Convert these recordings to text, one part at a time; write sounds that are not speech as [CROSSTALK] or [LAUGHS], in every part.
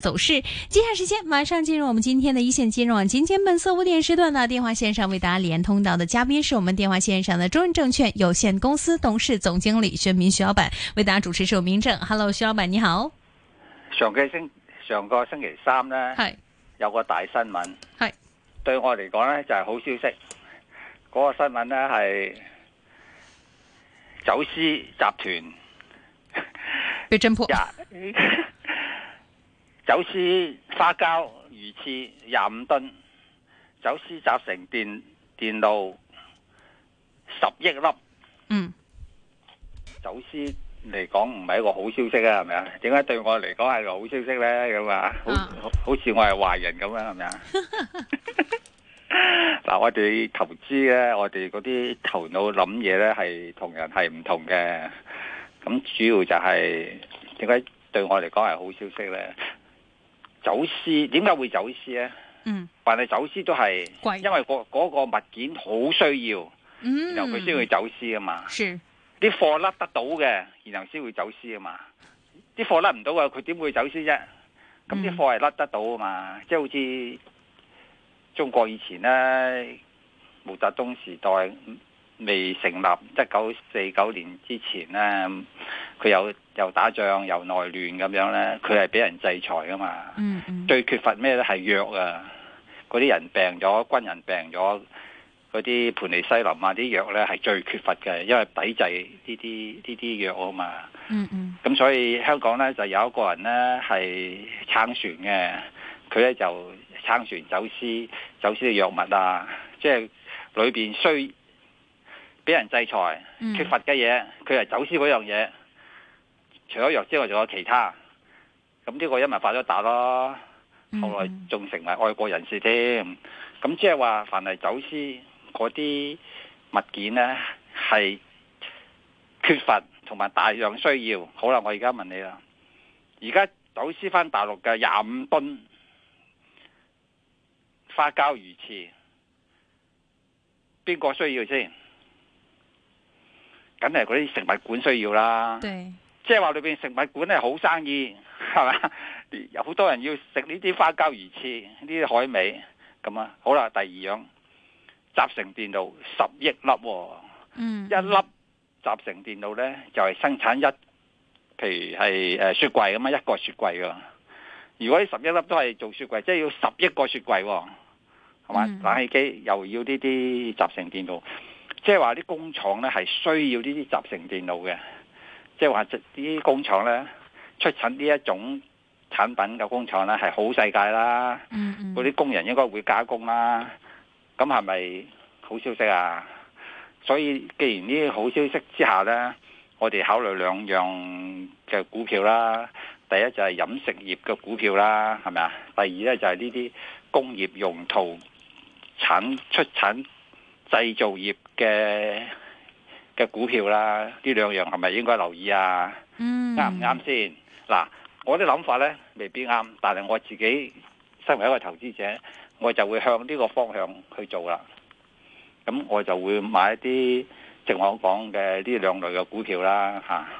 走勢，接下來時間馬上進入我們今天的一線金融網《今天本色》五點時段的電話線上為大家連通到的嘉賓是我們電話線上的中銀證券有限公司董事總經理徐潤民徐老闆，為大家主持壽明正。Hello，徐老闆你好。上個星上個星期三呢，係有個大新聞，係對我嚟講呢就係、是、好消息。嗰、那個新聞呢係走私集團被偵 [LAUGHS] 振破。 [LAUGHS] 走私花膠魚翅廿五噸，走私集成電電路十億粒。嗯，走私嚟講唔係一個好消息啊，係咪啊？點解對我嚟講係個好消息咧？咁啊，好好似我係壞人咁樣，係咪啊？嗱， [LAUGHS] [LAUGHS] [LAUGHS] 我哋投資咧，我哋嗰啲頭腦諗嘢咧，係同人係唔同嘅。咁主要就係點解對我嚟講係好消息咧？走私，點解會走私咧？嗯，但係走私都係，因為嗰嗰個物件好需要，然後佢先會走私噶嘛。啲貨甩得到嘅，然後先會走私噶嘛。啲貨甩唔到嘅，佢點會走私啫？咁啲貨係甩得到啊嘛。嗯、即係好似中國以前咧，毛澤東時代。未成立即係一九四九年之前咧，佢又又打仗又內亂咁樣咧，佢係俾人制裁噶嘛。嗯嗯。最缺乏咩咧？係藥啊！嗰啲人病咗，軍人病咗，嗰啲盤尼西林啊啲藥咧係最缺乏嘅，因為抵制呢啲呢啲藥啊嘛。嗯嗯。咁所以香港咧就有一個人咧係撐船嘅，佢咧就撐船走私走私啲藥物啊，即係裏邊需。俾人制裁，缺乏嘅嘢，佢係走私嗰樣嘢，除咗藥之外，仲有其他。咁呢個一咪發咗達咯，後來仲成為愛國人士添。咁即係話，凡係走私嗰啲物件咧，係缺乏同埋大量需要。好啦，我而家問你啦，而家走私翻大陸嘅廿五噸花膠魚翅，邊個需要先？梗係嗰啲食物館需要啦，即係話裏邊食物館係好生意，係嘛？有好多人要食呢啲花膠魚翅，呢啲海味，咁啊，好啦，第二樣，集成電路十億粒、哦嗯，一粒集成電路呢，就係、是、生產一，譬如係誒雪櫃咁嘛，一個雪櫃噶。如果十億粒都係做雪櫃，即、就、係、是、要十億個雪櫃、哦，係嘛、嗯？冷氣機又要呢啲集成電路。即係話啲工廠咧係需要呢啲集成電腦嘅，即係話啲工廠咧出產呢一種產品嘅工廠咧係好世界啦，嗰、嗯、啲、嗯、工人應該會加工啦，咁係咪好消息啊？所以既然呢啲好消息之下咧，我哋考慮兩樣嘅股票啦，第一就係飲食業嘅股票啦，係咪啊？第二咧就係呢啲工業用途產出產。製造業嘅嘅股票啦，呢兩樣係咪應該留意啊？嗯。啱唔啱先？嗱，我啲諗法呢，未必啱，但係我自己身為一個投資者，我就會向呢個方向去做啦。咁我就會買一啲正我講嘅呢兩類嘅股票啦，嚇、啊。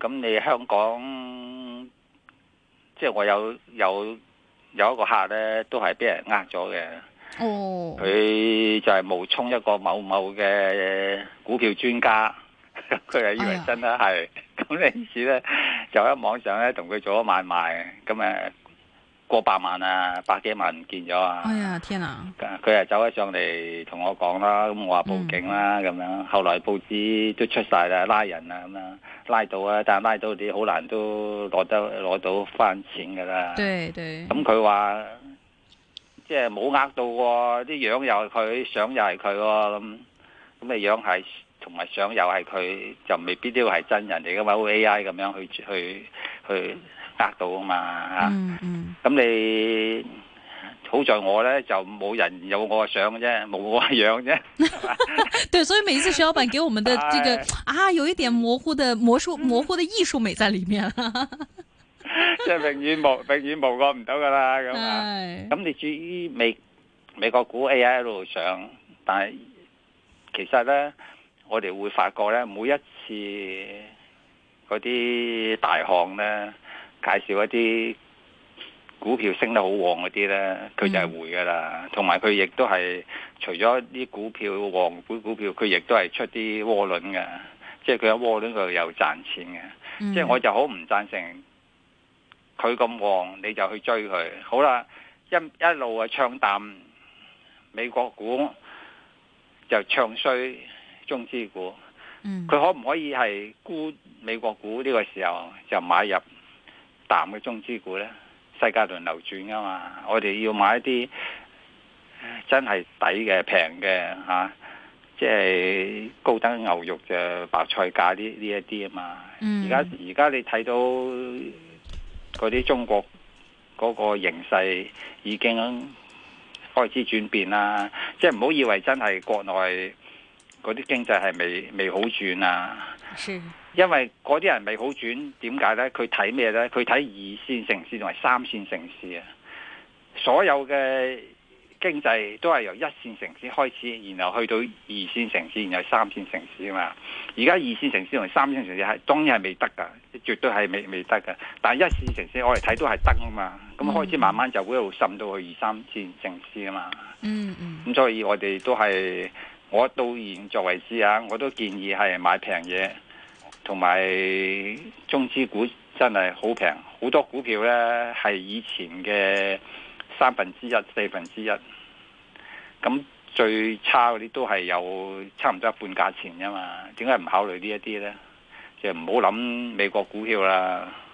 咁你香港即係我有有有一個客咧，都係俾人呃咗嘅。哦，佢就係冒充一個某某嘅股票專家，咁佢係以為真啦係。咁呢次咧就喺網上咧同佢做咗買賣，咁誒過百萬啊，百幾萬唔見咗啊！哎呀天啊！佢係走咗上嚟同我講啦，咁我話報警啦，咁樣後來報紙都出晒啦，拉人啦咁樣。拉到啊！但係拉到啲好難都攞得攞到翻錢噶啦。對對，咁佢話即係冇呃到喎，啲樣又係佢，相又係佢喎。咁咁你樣係同埋相又係佢，就未必都要係真人嚟噶嘛？O A I 咁樣去去去呃到啊嘛？嗯嗯，咁、嗯、你。好在我咧就冇人有我嘅相啫，冇我嘅樣啫。對，所以每一次徐老闆給我們的這個啊，有一點模糊的魔術、模糊的藝術美在裏面。即係永遠無，永遠無過唔到噶啦，咁啊。咁你至於美美國股 A I，上，但係其實咧，我哋會發覺咧，每一次嗰啲大行咧介紹一啲。股票升得好旺嗰啲呢，佢就係回噶啦。同埋佢亦都係除咗啲股票旺股股票，佢亦都係出啲窩輪嘅，即係佢有窩輪佢又賺錢嘅。即、嗯、係、即係、我就好唔贊成佢咁旺，你就去追佢。好啦，一一路啊唱淡美國股，就唱衰中資股。佢、嗯、可唔可以係沽美國股呢個時候就買入淡嘅中資股呢？世界輪流轉噶嘛，我哋要買一啲真係抵嘅、平嘅嚇，即係高等牛肉就白菜價呢呢一啲啊嘛。而家而家你睇到嗰啲中國嗰個形勢已經開始轉變啦，即係唔好以為真係國內。嗰啲經濟係未未好轉啊！因為嗰啲人未好轉，點解呢？佢睇咩呢？佢睇二線城市同埋三線城市啊！所有嘅經濟都係由一線城市開始，然後去到二線城市，然後三線城市啊嘛。而家二線城市同埋三線城市係當然係未得噶，絕對係未未得噶。但係一線城市我哋睇都係得啊嘛，咁開始慢慢就會滲到去二三線城市啊嘛。嗯嗯，咁所以我哋都係。我到現在為止，啊，我都建議係買平嘢，同埋中資股真係好平，好多股票呢係以前嘅三分之一、四分之一，咁最差嗰啲都係有差唔多一半價錢啫嘛，點解唔考慮呢一啲呢？就唔好諗美國股票啦。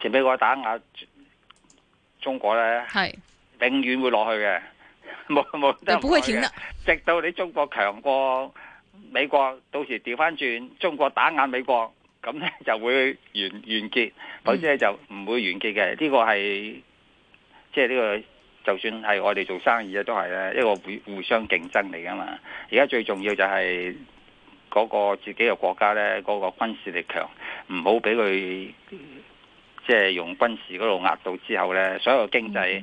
前美國打壓中國咧，係永遠會落去嘅，冇冇得改嘅。直到你中國強過美國，到時調翻轉，中國打壓美國，咁咧就會完完結，否則咧就唔會完結嘅。呢個係即係呢個，就算係我哋做生意咧，都係咧一個互互相競爭嚟㗎嘛。而家最重要就係嗰個自己嘅國家咧，嗰個軍事力強，唔好俾佢。即係用軍事嗰度壓到之後呢，所有經濟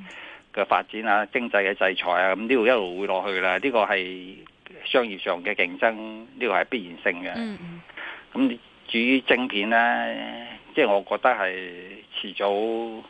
嘅發展啊、經濟嘅制裁啊，咁呢度一路會落去啦。呢個係商業上嘅競爭，呢個係必然性嘅。咁至於晶片呢，即係我覺得係遲早，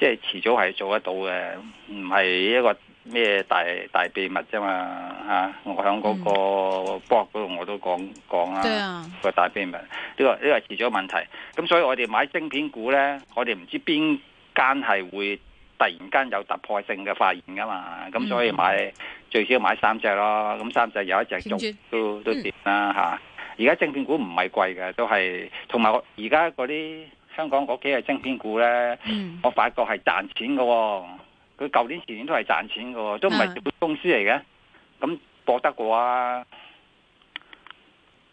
即係遲早係做得到嘅，唔係一個。咩大大秘密啫嘛嚇！我喺嗰個博嗰度我都講、嗯、講啦、啊，啊呢個大秘密呢、呢個呢、呢個遲早問題。咁所以我哋買晶片股咧，我哋唔知邊間係會突然間有突破性嘅發現噶嘛。咁所以買、嗯、最少買三隻咯。咁三隻有一隻中都都掂啦嚇。而、啊、家晶片股唔係貴嘅，都係同埋我而家嗰啲香港嗰幾隻晶片股咧、嗯，我發覺係賺錢嘅喎、哦。佢舊年、前年都係賺錢嘅，都唔係蝕本公司嚟嘅，咁博得過啊！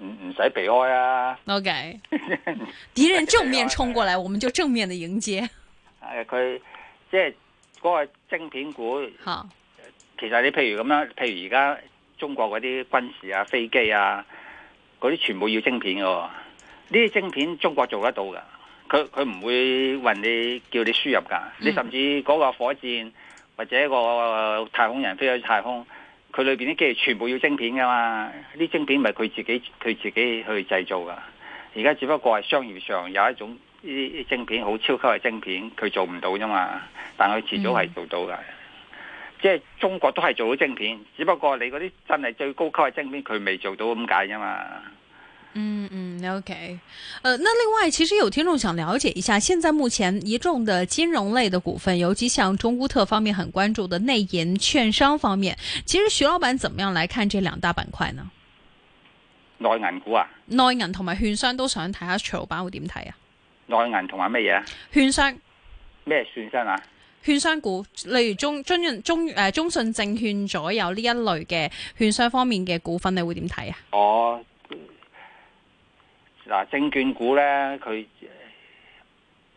唔唔使避開啊！O K，敵人正面衝過嚟， [LAUGHS] 我們就正面的迎接。係佢即係嗰個晶片股吓，其實你譬如咁啦，譬如而家中國嗰啲軍事啊、飛機啊，嗰啲全部要晶片嘅，呢啲晶片中國做得到噶。佢佢唔會運你叫你輸入噶、嗯，你甚至嗰個火箭或者個太空人飛去太空。佢裏邊啲機器全部要晶片噶嘛，啲晶片唔係佢自己佢自己去製造噶，而家只不過係商業上有一種呢啲晶片好超級嘅晶片，佢做唔到啫嘛，但佢遲早係做到噶、嗯，即係中國都係做到晶片，只不過你嗰啲真係最高級嘅晶片，佢未做到咁解啫嘛。嗯嗯，OK，誒、呃，那另外其實有聽眾想了解一下，現在目前一眾的金融類的股份有幾項？尤其像中特估方面很關注的內銀券商方面，其實徐老闆怎麼樣來看這兩大板塊呢？內銀股啊，內銀同埋券商都想睇下徐老闆會點睇啊？內銀同埋乜嘢？券商？咩券商啊？券商股，例如中中潤中誒、呃、中信證券左右呢一類嘅券商方面嘅股份，你會點睇啊？哦。嗱、啊，證券股咧，佢誒、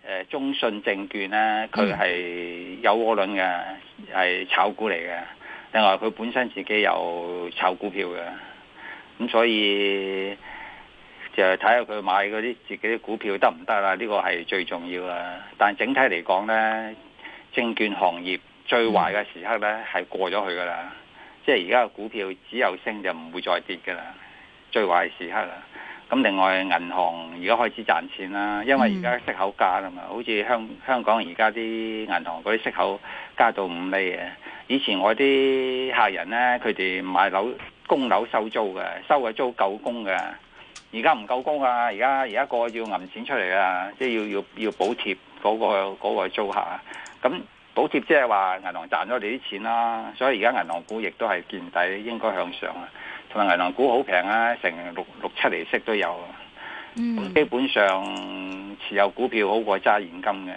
呃、中信證券咧，佢係有窩輪嘅，係炒股嚟嘅。另外佢本身自己有炒股票嘅，咁所以就睇下佢買嗰啲自己啲股票得唔得啦？呢個係最重要啊！但整體嚟講咧，證券行業最壞嘅時刻咧係、嗯、過咗去噶啦，即係而家嘅股票只有升就唔會再跌噶啦，最壞嘅時刻啦。咁另外銀行而家開始賺錢啦，因為而家息口加啦嘛，好似香香港而家啲銀行嗰啲息口加到五厘嘅。以前我啲客人呢，佢哋買樓供樓收租嘅，收嘅租夠供嘅。而家唔夠供啊，而家而家個個要揞錢出嚟啊，即係要要要補貼嗰個嗰個租客。啊。咁補貼即係話銀行賺咗你啲錢啦，所以而家銀行股亦都係見底，應該向上啊。銀行股好平啊，成六六七厘息都有啊。嗯，基本上持有股票好過揸現金嘅。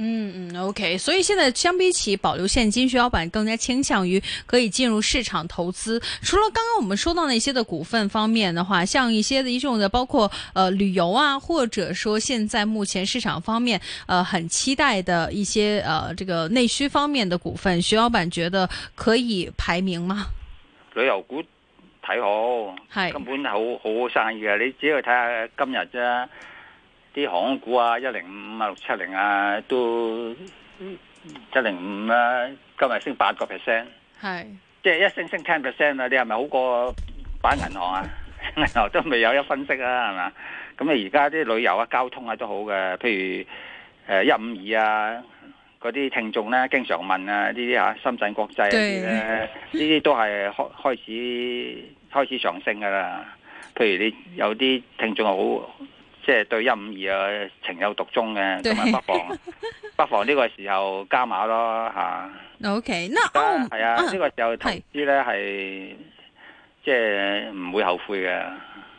嗯嗯，OK。所以現在相比起保留現金，徐老闆更加傾向於可以進入市場投資。除了剛剛我們說到那些的股份方面的話，像一些的依種的，包括呃旅遊啊，或者說現在目前市場方面，呃很期待的一些呃這個內需方面的股份，徐老闆覺得可以排名嗎？旅遊股。睇好，根本好好，好好生意啊。你只要睇下今日啫、啊，啲航空股啊，一零五啊、六七零啊，都一零五啊，今日升八個 percent。係，即係一升升 ten percent 啊！你係咪好過擺銀行啊？ [LAUGHS] 銀行都未有一分息啊，係嘛？咁你而家啲旅遊啊、交通啊都好嘅。譬如誒一五二啊，嗰啲聽眾咧、啊、經常問啊，呢啲啊，深圳國際啊，呢啲都係開開始。開始上升噶啦，譬如你有啲聽眾好，即係對一五二啊情有獨鍾嘅，咁啊不妨 [LAUGHS] 不妨呢個時候加碼咯吓。OK，嗱都係啊，呢個時候投資咧係即係唔會後悔嘅。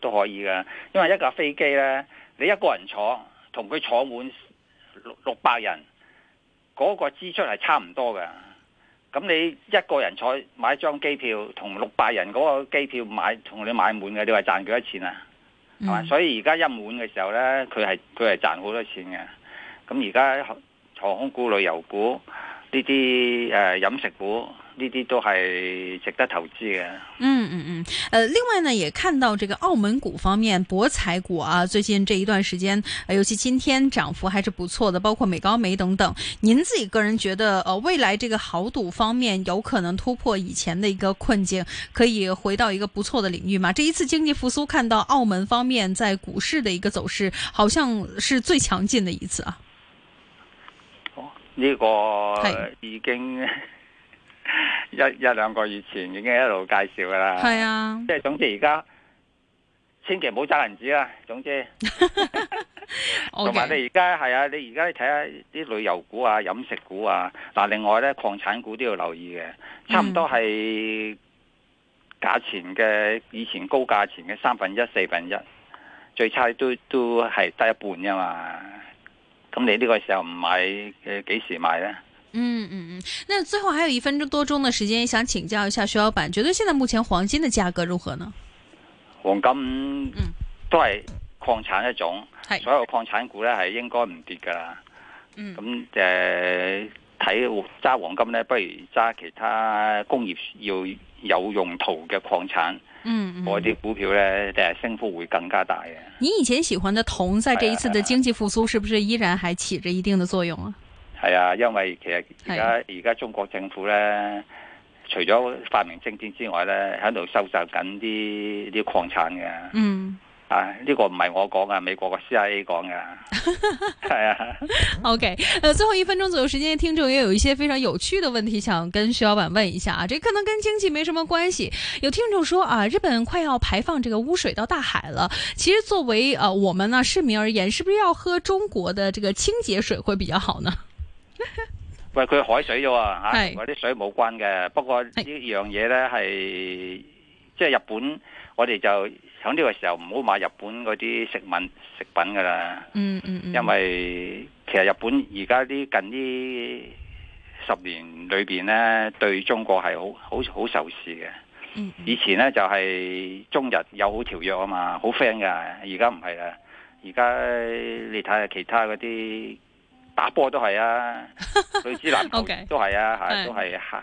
都可以噶，因為一架飛機呢，你一個人坐，同佢坐滿六六百人，嗰個支出係差唔多噶。咁你一個人坐買張機票，同六百人嗰個機票買同你買滿嘅，你話賺幾多錢啊？嗯、所以而家一滿嘅時候呢，佢係佢係賺好多錢嘅。咁而家航空股、旅遊股呢啲誒飲食股。呢啲都係值得投資嘅。嗯嗯嗯，呃，另外呢，也看到這個澳門股方面，博彩股啊，最近這一段時間，尤其今天漲幅還是不錯的，包括美高梅等等。您自己個人覺得，呃，未來這個豪賭方面有可能突破以前的一個困境，可以回到一個不錯的領域嗎？這一次經濟復蘇，看到澳門方面在股市的一個走勢，好像是最強勁的一次啊。好、哦，呢個已經。一一兩個月前已經一路介紹噶啦，係啊，即係總之而家千祈唔好揸銀紙啊。總之，同埋、 [LAUGHS] [LAUGHS] okay、你而家係啊，你而家你睇下啲旅遊股啊、飲食股啊，嗱、啊，另外咧礦產股都要留意嘅。差唔多係價錢嘅、嗯、以前高價錢嘅三分一、四分一，最差都都係得一半啫嘛。咁你呢個時候唔買，誒，幾時買咧？嗯嗯嗯，那最後還有一分鐘多鐘的時間，也想請教一下徐老闆，覺得現在目前黃金的價格如何呢？黃金，嗯，都係礦產一種，係、嗯、所有礦產股咧係應該唔跌噶啦。嗯，咁誒，睇、呃、揸黃金咧，不如揸其他工業要有用途嘅礦產。嗯嗯。我啲股票咧，定係升幅會更加大嘅。你以前喜歡的銅，在這一次的經濟復蘇，是不是依然還起着一定的作用啊？嗯嗯嗯嗯係啊，因為其實而家而家中國政府咧、啊，除咗發明政點之外咧，喺度收集緊啲啲礦產嘅。嗯，啊呢、這個唔係我講噶，美國個 CIA 講噶。係 [LAUGHS] 啊。OK，呃，最後一分鐘左右的時間，聽眾也有一些非常有趣的問題想跟徐老闆問一下啊。這可能跟經濟沒什麼關係。有聽眾說啊，日本快要排放這個污水到大海了。其實作為誒、呃、我們呢市民而言，是不是要喝中國的這個清潔水會比較好呢？ [LAUGHS] 喂，佢海水啫喎嚇，同、啊、啲水冇關嘅。不過呢樣嘢呢，係即係日本，我哋就喺呢個時候唔好買日本嗰啲食品食品噶啦。嗯嗯,嗯，因為其實日本而家啲近呢十年裏邊呢，對中國係好好好仇視嘅、嗯。以前呢，就係、是、中日友好條約啊嘛，好 friend 噶。而家唔係啦，而家你睇下其他嗰啲。打波都係啊，女子籃球都係啊，係都係嚇。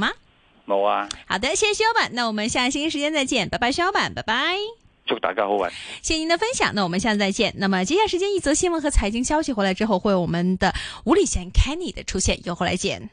嗎？冇啊。好的，謝謝徐老闆，那我們下星期時間再見，拜拜，徐老闆，拜拜，祝大家好運。謝謝您的分享，那我們下次再見。那麼，接下來時間，一則新聞和財經消息回來之後，會有我們的伍禮賢 Kenny 的出現，又回來見。